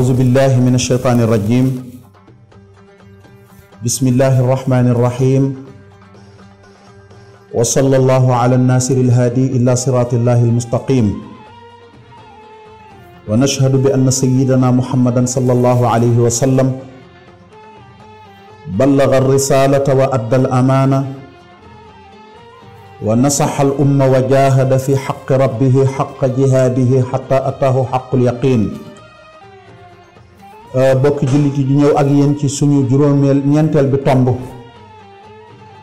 أعوذ بالله من الشيطان الرجيم بسم الله الرحمن الرحيم وصلى الله على الناصر الهادي إلى صراط الله المستقيم ونشهد بأن سيدنا محمدا صلى الله عليه وسلم بلغ الرسالة وأدى الأمانة ونصح الأمة وجاهد في حق ربه حق جهاده حتى أتاه حق اليقين Euh, bokki jullit yi di ñëw ak yéen ci suñu juróomeel ñeenteel bi tomb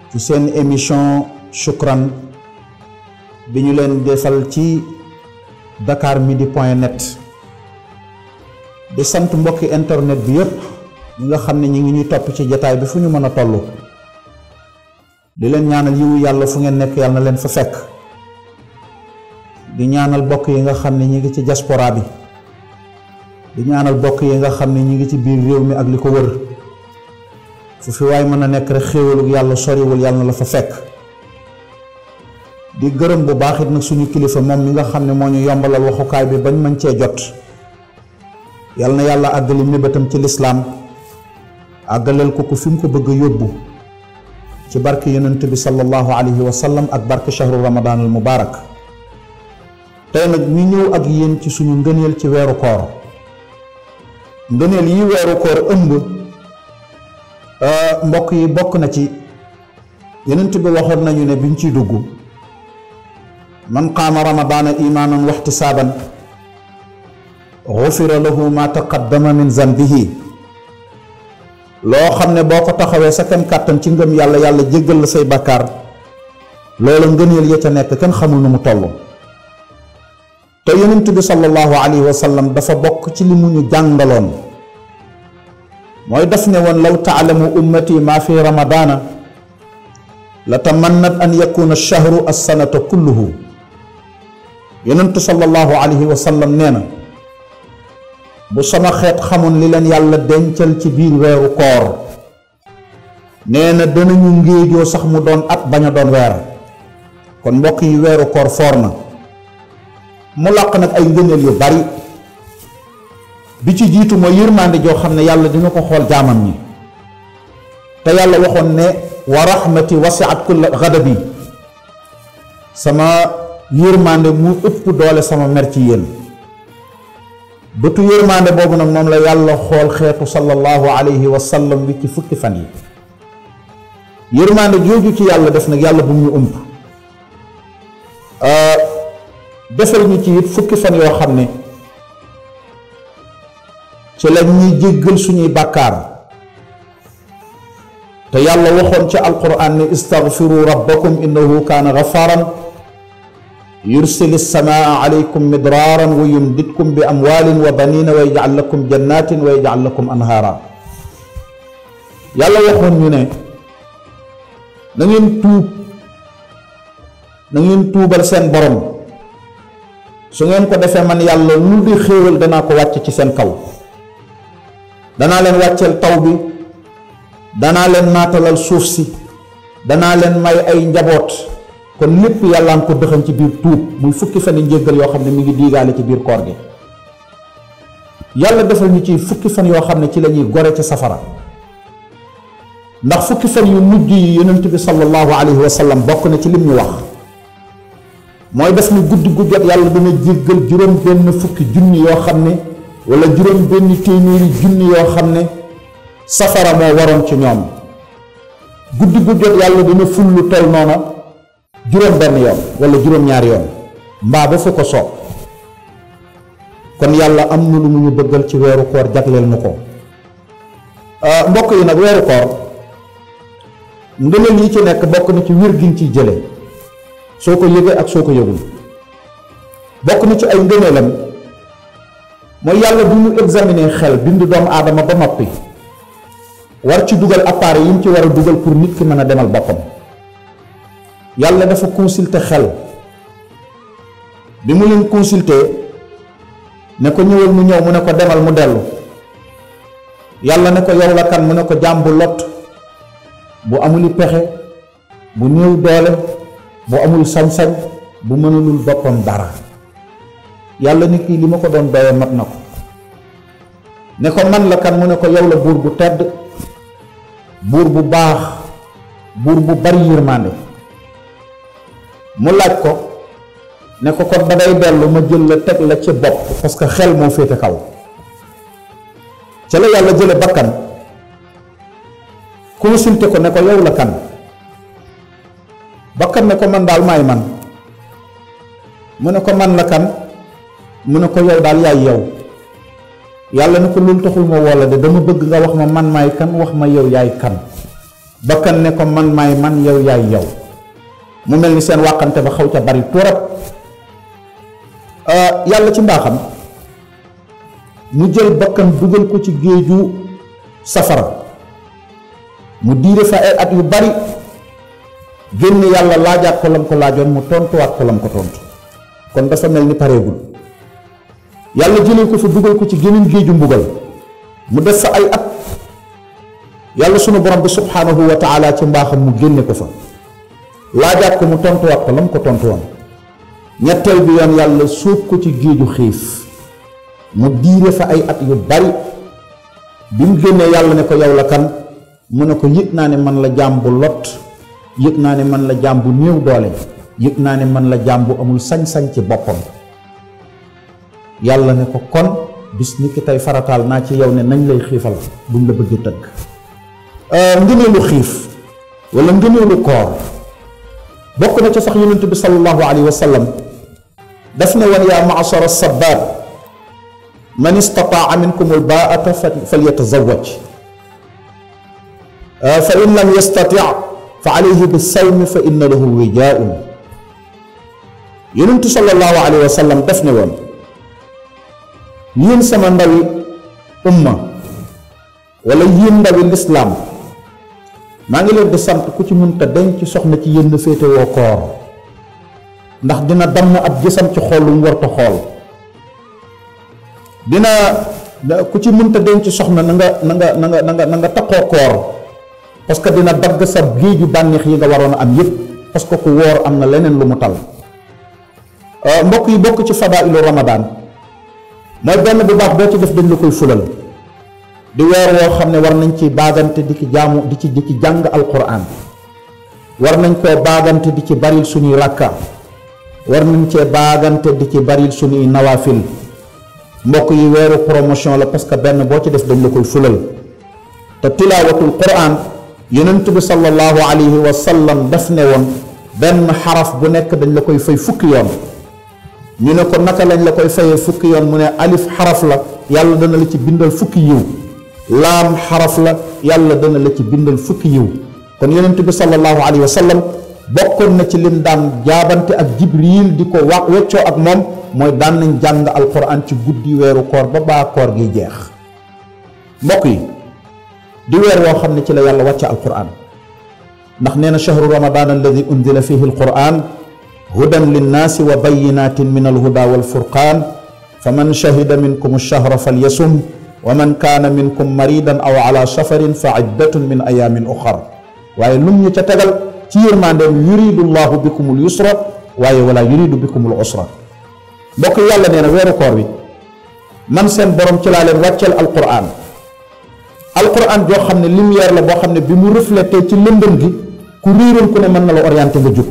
ci seen émission Shukran bi ñu leen defal ci dakar mi midi point net di sant mbokki internet bi yépp ñi nga xam ne ñi ngi ñuy topp ci jataay bi fu ñu mën a toll di leen ñaanal yiwu yàlla fu ngeen nekk yàlla leen fa fekk di ñaanal bokk yi nga xam ne ñi ngi ci diaspora bi di ñaanal bokk yi nga xam ne ñi ngi ci biir réew mi ak li ko wër fu fi waay mën a nekk rek xéewalug yàlla soriwul yàlla na la fa fekk di gërëm bu baax it nag suñu kilifa moom mi nga xam ne moo ñu yombalal waxukaay bi bañ mën cee jot yal na yàlla àggali mébétam ci lislaam àggaleel ko ko fi mu ko bëgg a yóbbu ci barke yonent bi sallallahu alayhi wa ak barke shahru ramadan al mubarak tey nag ñu ñëw ak yéen ci suñu ngëneel ci weeru koor ngëneel yi weeru koor ëmb euh, mbokk yi bokk na ci yenent bi waxoon nañu ne biñ ciy dugg man qaama ramadaana imaanan waxtisaaban xufira lahu ma taqaddama min zambihi loo xam ne boo ko taxawee sa kem kàttan ci ngëm yàlla yàlla jéggal la say bakkaar loolu ngëneel ya ca nekk kenn xamul nu mu toll te yonent bi sallallahu alayhi wa sallam dafa bokk ci li mu ñu jàngaloon mooy daf ne woon law taalamu ummati maa fi ramadaana la tamannat an yakuna shahru assanata kulluhu yonentu sallallahu alayhi wa sallam nee na bu sama xeet xamoon li leen yàlla dencal ci biir weeru koor nee na danañu ngéejoo sax mu doon at bañ a doon weer kon mbokk yi weeru koor foor na mu làq nag ay ngëneel yu bari bi ci jiitu mooy yërmande joo xam ne yàlla dina ko xool jaamam ñi te yàlla waxoon ne wa rahmati wasiat kulla xadabi sama yërmande mu ëpp doole sama mer ci yéen bëtu yërmande boobu nag moom la yàlla xool xeetu sallallahu alayhi wa sallam wi ci fukki fan yi yërmande jooju ci yàlla def nag yàlla bu mu ëmb euh, defal ñu ci it fukki fan yoo xam ne ci la ñuy jéggal suñuy bàkkaar te yàlla waxoon ci alquran ni istagfiru rabbakum innahu kaana gafaran yursili samaa alaykum midraaran wa yumditkum bi amwaalin wa baniina wa yajcal lakum jannatin wa yajcal lakum anhaara yàlla waxoon ñu ne na tuub na tuubal seen borom su ngeen ko defee man yàlla lu di xéewal danaa ko wàcc ci seen kaw danaa leen wàcceel taw bi danaa leen naatalal suuf si danaa leen may ay njaboot kon lépp yàllaan ko dëxañ ci biir tuub muy fukki fan njéggal yoo xam ne mi ngi diigaale ci biir koor gi yàlla defal ñu ci fukki fan yoo xam ne ci la ñuy gore ci safara ndax fukki fan yu mujj yi yonent bi sallallahu alayhi wa bokk na ci lim ñu wax mooy def ni guddi gu yàlla dina jéggal juróom benn fukki junni yoo xam ne wala juróom benn téeméeri junni yoo xam ne safara moo waroon ci ñoom guddi gu jot yàlla dina ful lu tol noona juróom benn yoon wala juróom-ñaari yoon mbaa ba fu ko soob kon yàlla am na lu mu ñu bëggal ci weeru koor jagleel nu ko euh, mbokk yi nag weeru koor ngëneel yi ci nekk bokk na ci wér gi ciy jële soo ko yëgee ak soo ko yëgul bokk na ci ay ngëneelam mooy yàlla bu ñu examiner xel bind doomu aadama ba noppi war ci dugal appareil yi mu ci war a dugal pour nit ki mën a demal boppam yàlla dafa consulter xel bi mu leen consulter ne ko ñëwal mu ñëw mu ne ko demal mu dellu yàlla ne ko yow la kan mu ne ko jàmbu bu lot bu amuli pexe bu néew doole bu amul sañ-sañ bu mënalul boppam dara yàlla nit ki li ma ko doon doyee mat na ko ne ko man la kan mu ne ko yow la buur bu tedd buur bu baax buur bu bari yërmande mu laaj ko ne ko kon da ngay ma jël la teg la ci bopp parce que xel moo féete kaw ca la yàlla jële bakkan consulté ko ne ko yow la kan bakkan ne ko man daal maay man mu ne ko man la kan mu ne ko yow daal yaay yow yàlla ne ko loolu taxul ma woola de dama bëgg nga wax ma man maay kan wax ma yow yaay kan bakkan ne ko man maay man yow yaay yow mu mel ni seen wàqante ba xaw ca bari torop euh, yàlla ci mbaaxam mu jël bakkan dugal ko ci géeju safara mu diire fa ay at yu bari génn yàlla laajaat ko lam ko laajoon mu tontuwaat ko lam ko tontu kon dafa mel ni pareegul yàlla jëlee ko fa dugal ko ci geneen géeju mbugal mu def fa ay at yàlla sunu borom bi subhaanahu wa taala ci mbaaxam mu génne ko fa laajaat ko mu tontuwaat ko la mu ko tontuwoon ñetteel bi yoon yàlla sóob ko ci géeju xiif mu diire fa ay at yu bari bi mu génnee yàlla ne ko yow la kan mu ne ko yëg naa ne man la jaam bu lot yëg naa ne man la jaam bu néew doole yëg naa ne man la jaam bu amul sañ-sañ ci boppam yàlla ne ko kon bis ni ki tey farataal naa ci yow ne nañ lay xiifal buñ la bëgg tëgg euh, ngëneelu xiif wala ngëneelu koor bokk na ca sax yonent bi sallallahu alayhi wa sallam daf ne woon yaa maasara sabaab man istataa minkum al baata falyatazawaj euh, fa in lam yastati fa alayhi bi sawmi fa inna lahu wijaaun yonent sallallahu alayhi wa sallam daf ne woon yéen sama ndawi umma wala yéen ndawi lislaam maa ngi leen di sant ku ci mun te denc soxna ci yéen féete woo koor ndax dina damm ab jësam ci xool lu mu warta xool dina ku ci mun te denc soxna na nga na nga na na nga na nga taqoo koor parce que dina dagg sa géeju bànneex yi nga waroon a am yépp parce que ku woor am na leneen lu mu tal euh, mbokk yi bokk ci fadailu Ramadan. mooy benn bu baax boo ci def dañ la koy fulal di weer woo xam ne war nañ ci baagante di ci jaamu di ci di ci jàng alquran war nañ koo baagante di ci baril suñuy rakka war nañ cee baagante di ci bari suñuy nawaafil mbokk yi weeru promotion la parce que benn boo ci def dañ la koy fulal te tilaawatul quran yonent bi sallallahu alayhi wa sallam daf ne woon benn xaraf bu nekk dañ la koy fay fukki yoon ñu ne ko naka lañ la koy fayee fukki yoon mu ne alif xaraf la yàlla dana la ci bindal fukki yiw laam xaraf la yàlla dana la ci bindal fukki yiw kon yonent bi sallallahu alayhi wa sallam bokkoon na ci lim daan jaabante ak jibril di ko wax weccoo ak moom mooy daan nañ jàng alquran ci guddi weeru koor ba baa koor gi jeex mbokk yi di weer woo xam ne ci la yàlla wàcce alquran ndax nee na chahru ramadan alladi unzila fihi alquran hudan linnaasi wa bayinatin min alhuda walfurqaan fa man shahida minkum alshahra falyasum wa man kaana minkum maridan aw ala safarin fa iddatun min ayaamin uxar waaye lum ñu ca tegal ci yërmandeem yuridu llahu bikumul yusra waaye wala yuridu bikumul usra mbokk yàlla nee na weeru koor wi man seen borom ci laa leen wàcceel alquran alquran joo xam ne lumière la boo xam ne bi mu reflété ci lëndëm gi ku réeroon ku ne mën na la orienté nga jub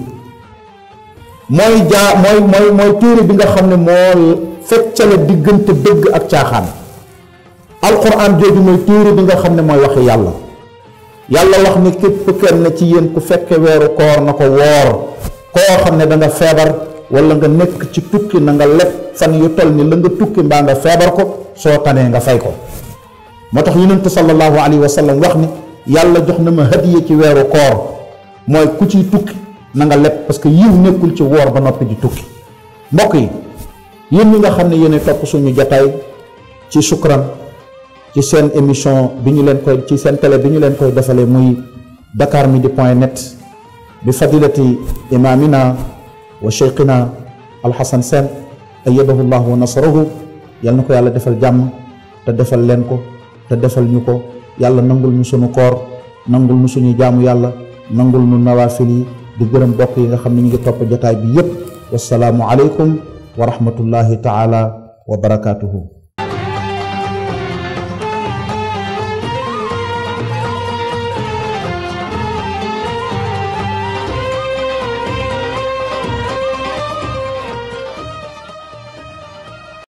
mooy jaa mooy mooy mooy bi nga xam ne moo feccale diggante dëgg ak caaxaan alquran jooju mooy téere bi nga xam ne mooy waxi yàlla yàlla wax ne képp kenn ci yéen ku fekke weeru koor na ko woor koo xam ne da nga feebar wala nga nekk ci tukki na nga leb fan yu toll ni la nga tukki mbaa nga feebar ko soo tanee nga fay ko moo tax yonent sallallahu alayhi wa sallam wax ni yàlla jox na ma hadiya ci weeru koor mooy ku ciy tukki na nga leb parce que yiw nekkul ci woor ba noppi di tukki mbokk yi yéen ñi nga xam ne yéen topp suñu jataay ci sukran ci seen émission bi ñu leen koy ci seen télé bi ñu leen koy defalee muy mi midi point net bi fadilati imamina wa cheikhina alxasan sen ayadahu llahu wa nasarahu yal na ko yàlla defal jàmm te defal leen ko te defal ñu ko yàlla nangul ñu suñu koor nangul ñu suñu jaamu yàlla nangul ñu nawaafil yi di gërëm bokk yi nga xam ne ñu ngi topp jotaay bi yépp wasalaamu aleykum wa rahmatullahi taala wa barakaatuhu